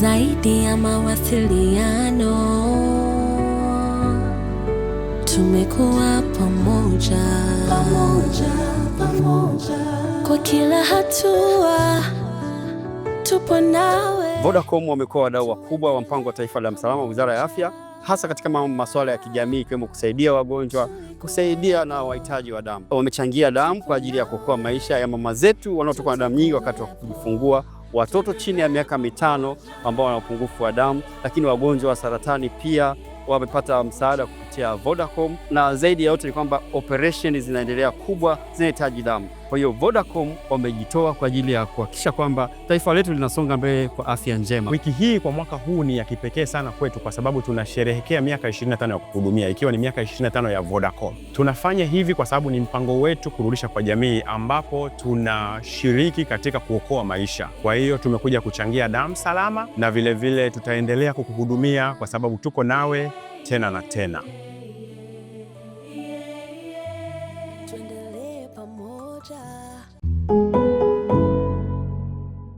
zaidi ya mawasiliano, tumekuwa pamoja, pamoja, pamoja kwa kila hatua, tupo nawe. Vodacom wamekuwa wadau wakubwa wa mpango wa taifa la usalama, wizara ya afya, hasa katika masuala ya kijamii ikiwemo kusaidia wagonjwa, kusaidia na wahitaji wa damu. Wamechangia damu kwa ajili ya kuokoa maisha ya mama zetu wanaotokwa na damu nyingi wakati wa kujifungua watoto chini ya miaka mitano ambao wana upungufu wa damu, lakini wagonjwa wa saratani pia wamepata msaada kupitia Vodacom, na zaidi ya yote ni kwamba operesheni zinaendelea kubwa, zinahitaji damu. Kwa hiyo Vodacom wamejitoa kwa ajili ya kuhakikisha kwamba taifa letu linasonga mbele kwa afya njema. Wiki hii kwa mwaka huu ni ya kipekee sana kwetu kwa sababu tunasherehekea miaka 25 ya kuhudumia, ikiwa ni miaka 25 ya Vodacom. Tunafanya hivi kwa sababu ni mpango wetu kurudisha kwa jamii, ambapo tunashiriki katika kuokoa maisha. Kwa hiyo tumekuja kuchangia damu salama, na vilevile vile tutaendelea kukuhudumia kwa sababu tuko nawe tena na tena.